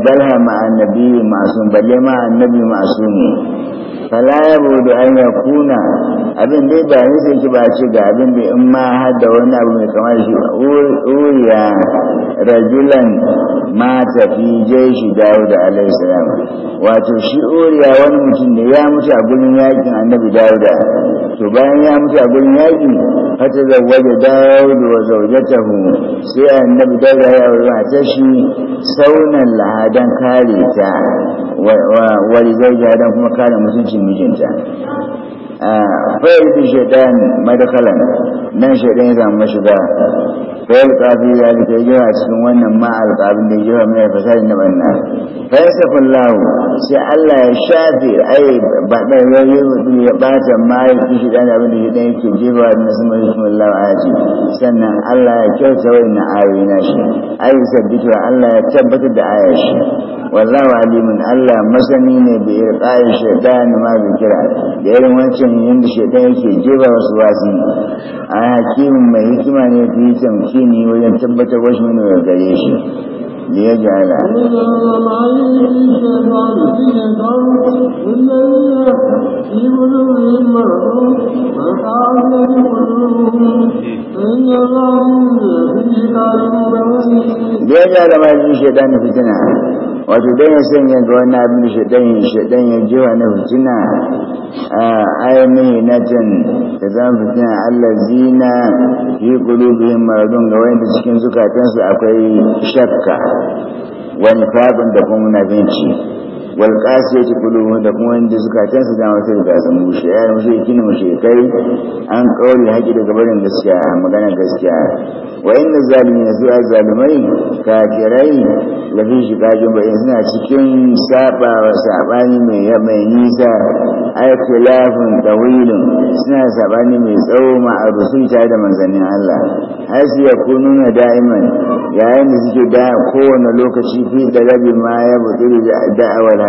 dalha eh, ma'a nabi ma'asum balle ma'a nabi ma'asum fala ya an kuna abin dai ba ni sai ki ba ce ga abin da in ma har da wani abu mai kama da shi uriya rajulan mata fi jeshi dawud alaihi salam wato shi uriya wani mutum ne ya mutu a gurin yakin annabi dawuda to bayan ya mutu a gurin yaki hata zawwaja da wa zawjatahu sai annabi dawuda ya aure ta shi saunan lahadan kare ta wa wa dan kuma kare mutuncin mijinta faidu shaitan madakalan nan shaitan ya mashiga fayar alƙafi ya ke jira cikin wannan ma alƙafin da jira mai na banna fayar safin sai allah ya shafe ai baɗar yanyi mutum ya ɓata mayan kishi ɗan abin da shaitan yake jira wa nasu mai sun sannan allah ya kyauta wani na ayoyi na shi ayi allah ya tabbatar da ayar shi wallahu alimin allah masani ne da irƙa'in shaitan ma bi da irin wancan sanin yadda shaitan yake wasu wasi a mai hikima ne fi wajen tabbatar wasu gare shi da ya jala da ya yi fitina wato don ya sanya ga wani abin da shaɗan ya shaɗan ya ji wani fitina a ayyami na can da zan fitina allah zina yi kulubin maradun ga wanda cikin zukatansu akwai shakka wani fabin da kuma binci wal qasiyati qulubuhum da kuma wanda zukatan su dama sai da zama mushe ya mushe kina mushe kai an kauli haƙi daga barin gaskiya magana gaskiya wa inna zalimina su zalimai kafirai la suna cikin saba wa mai nisa ay khilafun tawilun suna sabani mai tsawo ma arusul ta da manzannin Allah hasi kununa da'iman yayin da suke da kowane lokaci fi da rabi ma ya budu da'awar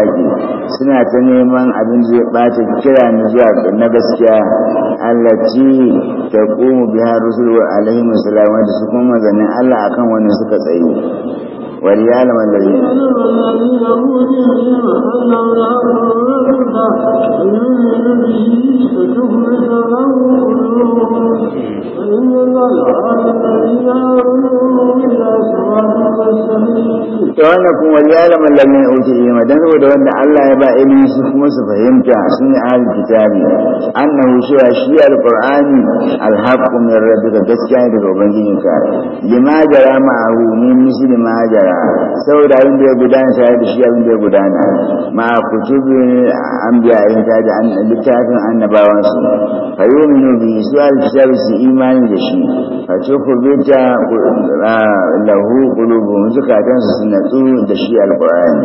suna ta neman abin da ya ɓata kira ni zuwa na gaskiya allaci ta kuma biya rusulwa alaihi musulama da su kuma mazanin allah akan wani suka tsaye da wannan kuma waliyalama lalmin auki ma. don saboda wanda Allah ya ba ilimi su kuma su fahimta su ne ahal kitabi annahu cewa shi alqur'ani alhaqqu min da gaskiya daga ubangijin ka lima jara a min misli ma jara saboda abin da ya gudana tare da shi abin da ya gudana ma an anbiya in ta da littafin annabawan su fa yu'minu bi su alkitabi su imanin da shi fa tukubita lahu qulubuhum zukatan su sunna su da shi alqur'ani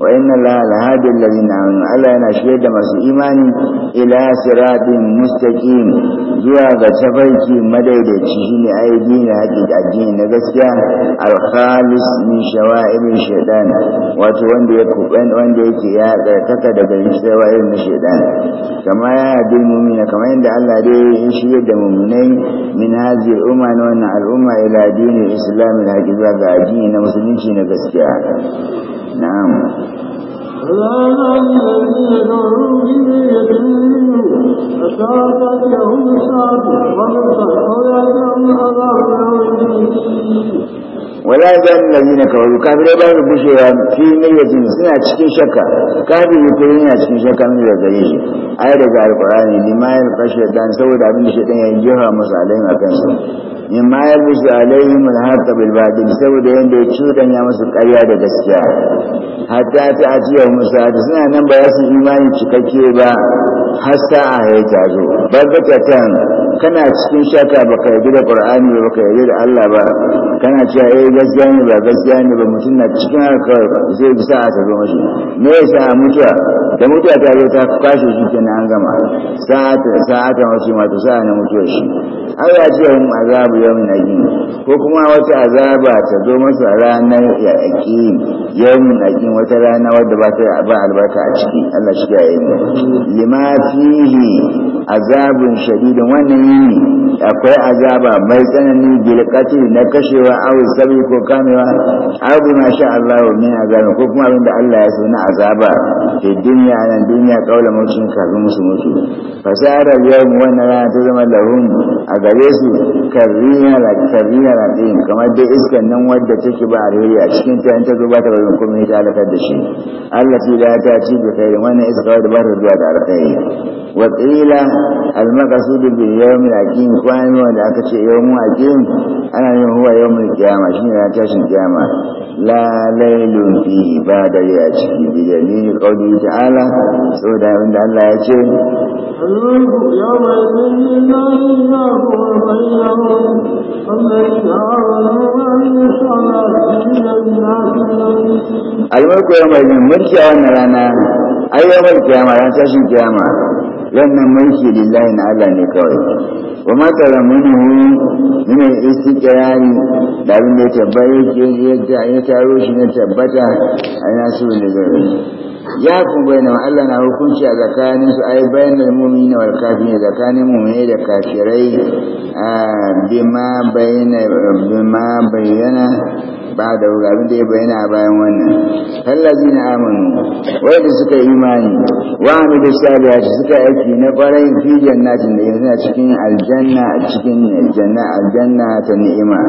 wa inna allaha la hadi alladhina amanu allah yana shirye da masu imani ila siratin mustaqim zuwa ga tafarki madaidaici shine aidi na haƙiƙa addini na gaskiya alkhalis min shawa'irin shaitan wato wanda ya kuban wanda yake ya tsarkaka daga shawa'irin shaitan kama ya hadin mumina kama yadda Allah dai ya shirye da muminai min hazi umma na wannan al'umma ila dinin islam na haƙiƙa ga addini na musulunci na gaskiya الأنبياء نعم فلان الذي يدعو به يتمنه أشارت له الساعة ومن أولئك هم أضعوا wala ya zan lazi na kawaru kafirai ba su gushewa fi niyyatin suna cikin shakka kafin yi kai yana cikin shakka min da gare shi ai daga alkurani limayar kashe dan saboda abin da shi ɗan ya jefa musu alayhim a kansu limayar bishi alayhim alhaka bil badin saboda yadda ya cudan ya musu ƙarya da gaskiya hatta ta ajiyar musa da suna nan ba za su imani cikakke ba har sa'a ya tazo babbatan kana cikin shakka baka yarda da qur'ani ba baka yi da Allah ba kana cewa eh gaskiya ne ba gaskiya ne ba mutum na cikin harkar zai bi sa'a a tafi mashi me ya sa mutuwa da mutuwa ta zo ta kwashe shi kenan an gama sa'ata mashi mata sa'a na mutuwa shi har ya ce mun azabu yau na yi ko kuma wata azaba ta zo masa ranar ya ake yau na yi wata rana wadda ba ta ba albarka a ciki Allah shi ya yi lima fihi azabun shadidin wannan yini akwai azaba mai tsanani bilkati na kashewa awu sabi ko kamewa aw bima sha Allah min azab ko kuma abin da Allah ya so na azaba ke duniya nan duniya kaula mutum kafin musu mutu fa sa'ara yawm wannan rana ta zama lahum a gare su karina la karina la din kamar dai iskan nan wadda take ba alheri a cikin ta ta zo ba ta bazin komai ta halakar da shi Allah shi da ta ci da kai wannan iska wadda ba ta zuwa da alkhairi wa qila al maqsud bil yawm al aqim ko an wanda aka ce yawm aqim ana yin yawmul qiyama shine na tashin qiyama la laylun fi ibadati a ciki bi dalili qawli ta'ala saboda inda Allah ya ce almulku yawmul mulki a wannan rana ran tashin wannan mulki lillahi na Allah ne kawai wa matsara minhu min al-istiqrari da abin da tabbata yake ya taro shi na tabbata a nasu ne gari ya kun bayyana wa Allah na hukunci a tsakanin su ai bayyana mu'mini wal ne tsakanin mu'mini da kafirai bima bayyana bima bayyana ba da abin da ya bayyana bayan wannan hallazi na amanu wanda suka yi imani wa da shi suka aiki na kwarai fi jannatin da yana cikin aljanna cikin aljanna aljanna ta ni'ima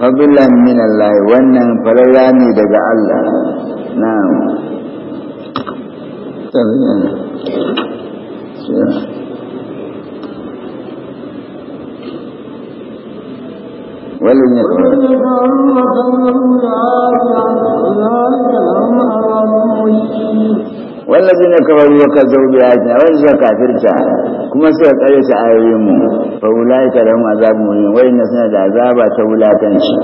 fadlan min Allah wannan falala ne daga Allah na'am Yeah. Wannan shine ƙawar wakar zaube ake, a wannan shine kafafen wakar zaube ake, a wannan shine kafafen tara, kuma suna karyata ayoyinmu. Baulwani ta dama a suna da azaba ta wulakanci.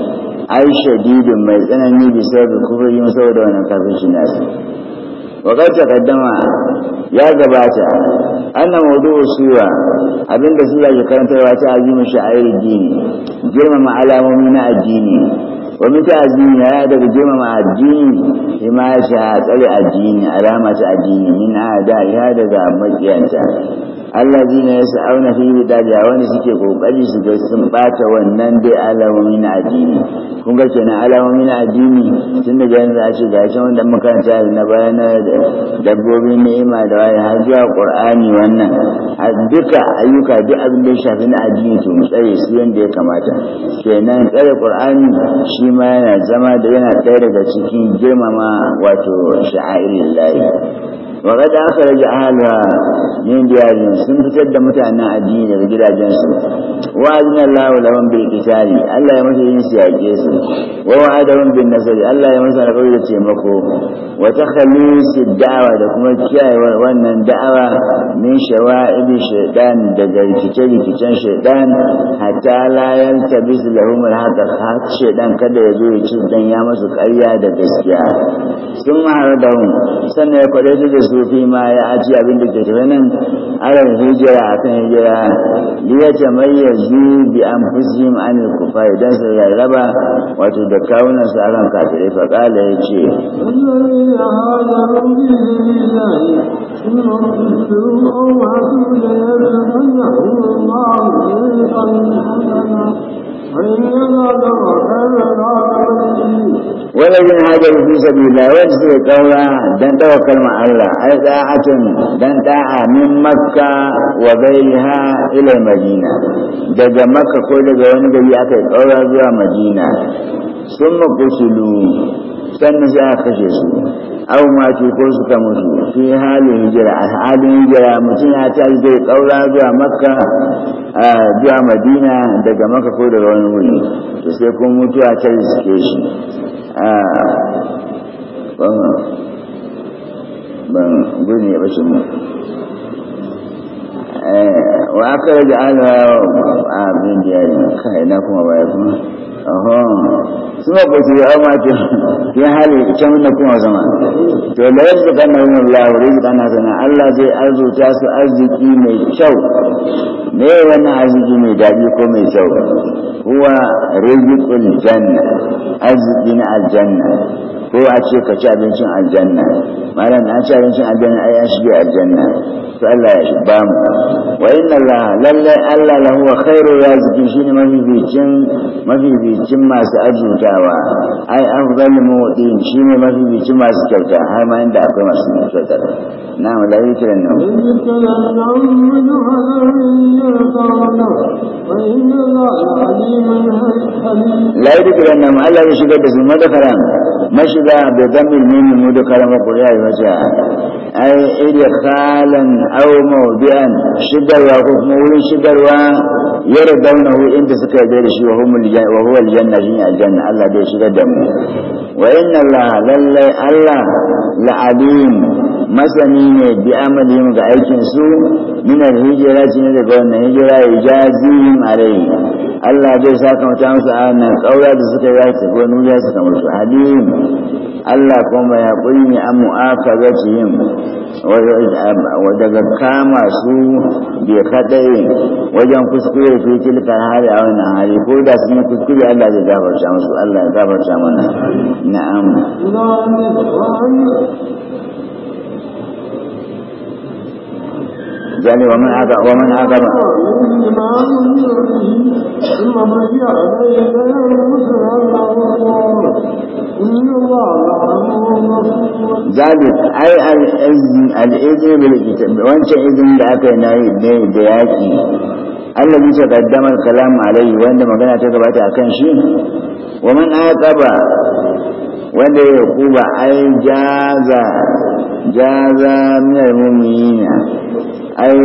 Aisha, didi, mai tsanani risitun. Kuma zai yi ma saurin nasu. wakar takaddama ya gabata annan wadubu suwa abinda su za ke karantarwa ta azimin sha'ayar jini girmama alamomi na addini wa mita azimi ya yi daga girmama addini ima ya shaha tsari addini alama ta addini min ada ya daga makiyanta Allah ya allazina yas'auna da bidaja wanda suke kokari su ga sun bata wannan dai na addini kun ga kenan na addini tun daga yanzu a ce shi wanda makaranta na baya na dabbobi ni'ima da waye har zuwa qur'ani wannan duka ayyuka duk abin da shafi na addini to mu tsare su yanda ya kamata kenan tsare qur'ani shi ma yana zama da yana ɗaya daga cikin girmama wato sha'airin layi wa da aka rage ahala min diyarin sun fitar da mutanen addini daga gidajensu wa azina Allah lahum bil qitali Allah ya masa yin siyake su wa wa'adahum bin nasri Allah ya masa alƙawari da taimako wa takhalis da'awa da kuma kiyayewar wannan da'awa min shawa'ib shaytan daga rikice-rikicen shaytan hatta la yaltabis lahum al-haqq har shaytan kada ya zo ya ci dan ya masu ƙarya da gaskiya sun ma'ar da sannan ya kwadaita da su fi ma ya ajiye abin da ke tafi nan alal hijira akan hijira liya ta zu bi an fusihim an kufai idan su raba. wato da kawunan su akan kafirai fa kala ya ce وإن يزال walakin hajaru fi sabila wanda suka kaura dan dawa kalmar Allah ai da'atun dan da'a min makka wa bainaha ila madina daga makka ko daga wani gari aka kaura zuwa madina sun makusulu sannan sai aka kashe su aw ma ce ko suka mutu fi halin hijira a halin hijira mutum ya ta zai kaura zuwa makka zuwa madina daga makka ko daga wani wuri sai kuma mutuwa ta suke shi ban gurmi ya bashin mu eh, wa aka rage alawa a ah, abin da ya yi kai na kuma baya kuma makoci ya ma ce ya hali can na kuma zama to la yadda kana yin Allah wa rizqa na sana Allah zai arzuta su arziki mai kyau ne wannan arziki mai daɗi ko mai kyau huwa rizikun janna arziki na aljanna ko a ce ka ci abincin aljanna malam an ci abincin aljanna ai an shige aljanna to Allah ya shiga mu wa inna Allah lalle Allah lahu khairu raziki shine mafificin mafificin masu arzuta wa ai afdalu mu'tin shine mafi bici masu kyauta har ma inda akwai masu kyauta na mu da yake nan la yadkuru annam Allah ya shigar da su madakaran mashiga bi dhammil mim mudakaran wa qul ya wajha ai idkhalan aw mawdi'an shigarwa ko kuma wurin shigarwa yarda daunahu inda suka yi da shi wa humul wa huwa aljanna shine aljanna Allah zai shigar da mu wa inna Allah lallai Allah la'alim masani ne bi amalihim ga aikin su min al-hijra ne daga wannan hijira ya jazihim alai Allah zai saka mutan su a nan kaura da suka yi ta ko nuna su kamar su alim Allah kuma ya kuri ne an mu'afazatihim wa daga kama su bi kadai wajen kuskure fi tilka hali a wannan hali ko da sun yi kuskure Allah zai gafarta musu Allah ya gafarta mana na'am يعني ومن عدا ومن عدا ذلك أي الإذن الإذن وانش إذن لأكي نايد الذي تقدم الكلام عليه وعندما كانت تقبعت أكن شيء ومن عاقب wanda ya kuba ai jaza jaza minal mumina ai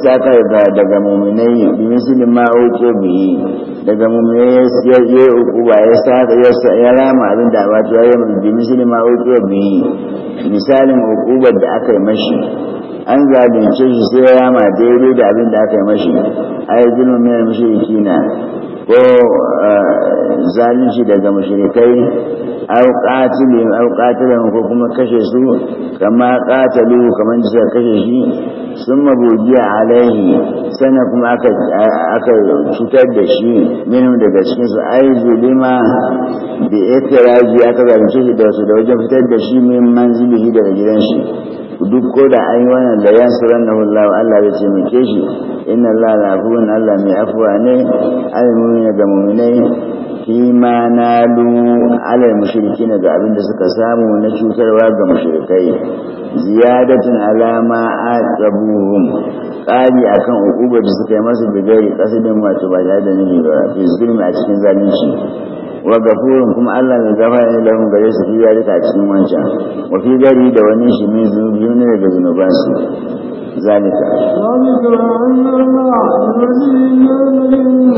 sai ka ba daga mu'minai misali ma uku bi daga mu'minai ya ya ba ya da ya ya rama abin da ba ta yi bi misali ma uku bi misalin ukubar da aka yi mashi an zalunce shi sai ya rama daidai da abin da aka yi mashi ai zulmin minal kina ko eh, zalunci daga mashirikai auƙatilin ko kuma kashe su kama ƙatalu kamar da suka kashe shi sun mabogiya alaihi sannan kuma aka cutar da shi minum daga cikin su ai zulima da ya aka zalunce shi da wasu da wajen fitar da shi min manzilihi daga gidan shi duk ko da an yi wannan da ya su na Allah Allah zai ce muke shi inna Allah na Allah mai afuwa ne alimuni da muminai fi ma na lu alal mushriki ga abin da suka samu na cutarwa ga mushrikai ziyadatin alama a tsabuhum ƙari akan ukubar da suka yi masa bigari kasidin wato ba da nuni ba fi zulmi a cikin zalunci wa kuma Allah mai gafara ne lahum gare su fi duka a cikin wancan wa fi gari da wani shi min zunubi ne da zunubansu ذلك ذلك أن الله الذي يمن من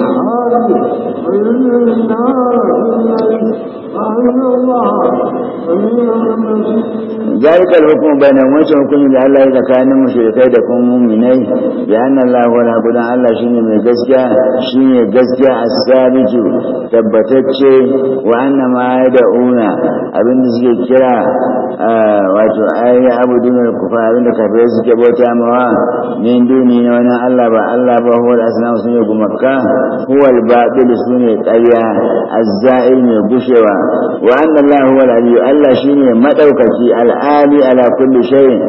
ويمن النهار الله ذلك الحكم بين وجه حكم الله إذا كان مشركين دكم مؤمنين بأن الله العبد على الله شيء من جزجة شيء الثابت ثبتت شيء وأن ما يدعون أبن سيكرا آه، وتعالي عبدون الكفار أبن كفر سيكبوتا gumawa ne duni na wani Allah ba Allah ba huwa da asnamu sune gumaka huwa al-batil sune ƙarya azza'il mai gushewa wa anna Allah huwa al-aliyyu Allah shine madaukaki al-ali ala kulli shay'in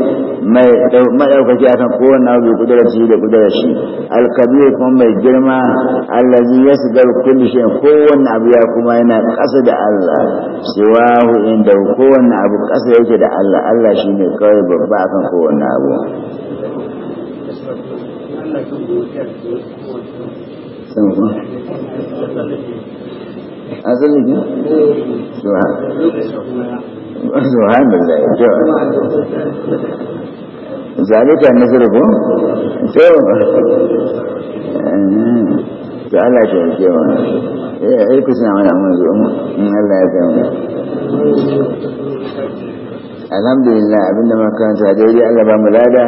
mai madaukaki akan kowanne abu kudarci da kudarci al-kabir kuma mai girma allazi yasgaru kulli shay'in kowanne abu ya kuma yana ƙasa da Allah siwahu inda kowanne abu ƙasa yake da Allah Allah shine kawai babba akan kowanne abu asali ne subhan Allah to zalika nasrubu to to Allah ce wa eh ai kusa mana mun zo mun Allah ya ga mu alhamdulillah abinda muka karanta daidai Allah ba mu lada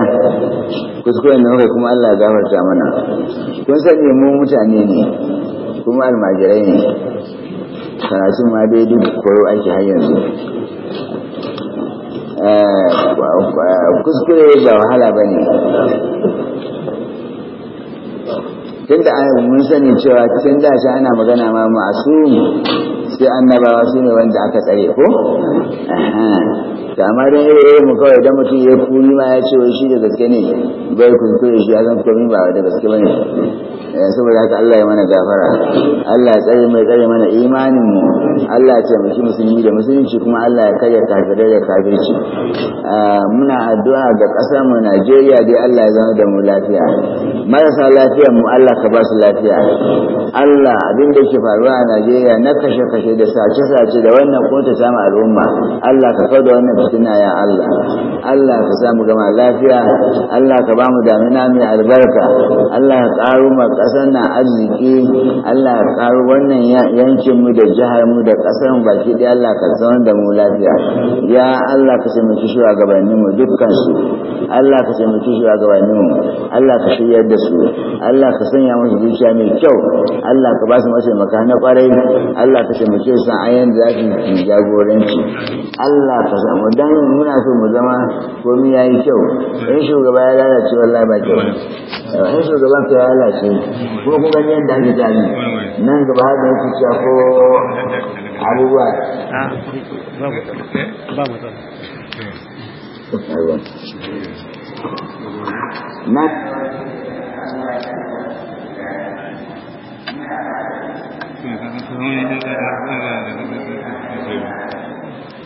kuskuren da muka kuma Allah gafarta mana kun sani mu mutane ne kuma almajirai ne karatu ma dai duk koyo ake har yanzu eh, kuskure ba wahala ba ne tun da mun sani cewa tun da shi ana magana ma masu sai annabawa su ne wanda aka tsare ko? to amma dan irin mu kawai dan mutum ya kuri ma ya ce wai shi da gaske ne bai kuskure shi ya zan komai ba da gaske bane eh, saboda haka Allah ya mana gafara Allah ya tsare mai tsare mana imanin mu Allah ya taimaki musulmi da musulunci kuma Allah ya karya kafirai da kafirci ah, muna addu'a ga ƙasar mu Najeriya dai Allah ya zama da mu lafiya marasa lafiyar mu Allah ka ba su lafiya Allah abin da yake faruwa a Najeriya na kashe-kashe da sace-sace da wannan ta samu al'umma Allah ka kawo da wannan fitina ya Allah Allah ka samu gama lafiya Allah ka bamu damina mai albarka Allah ka karo ma kasar na arziki Allah ka karo wannan yankin mu da jihar mu da kasar mu baki da Allah ka zauna da mu lafiya ya Allah ka taimaki shugabannin mu dukkan su Allah ka taimaki shugabannin mu Allah ka shiryar da su Allah ka sanya musu zuciya mai kyau Allah ka ba su maka na kwarai Allah ka taimake su a yanda za su jagoranci Allah ka samu dan muna so mu zama komai yayi kyau in shugaba ya lalace wallahi ba kyau in shugaban ka ya lalace kuma ku gani yadda ake tani nan gaba har da yake cewa ko abubuwa ba na 对，他们普通人现在那个，那个，那个，那个，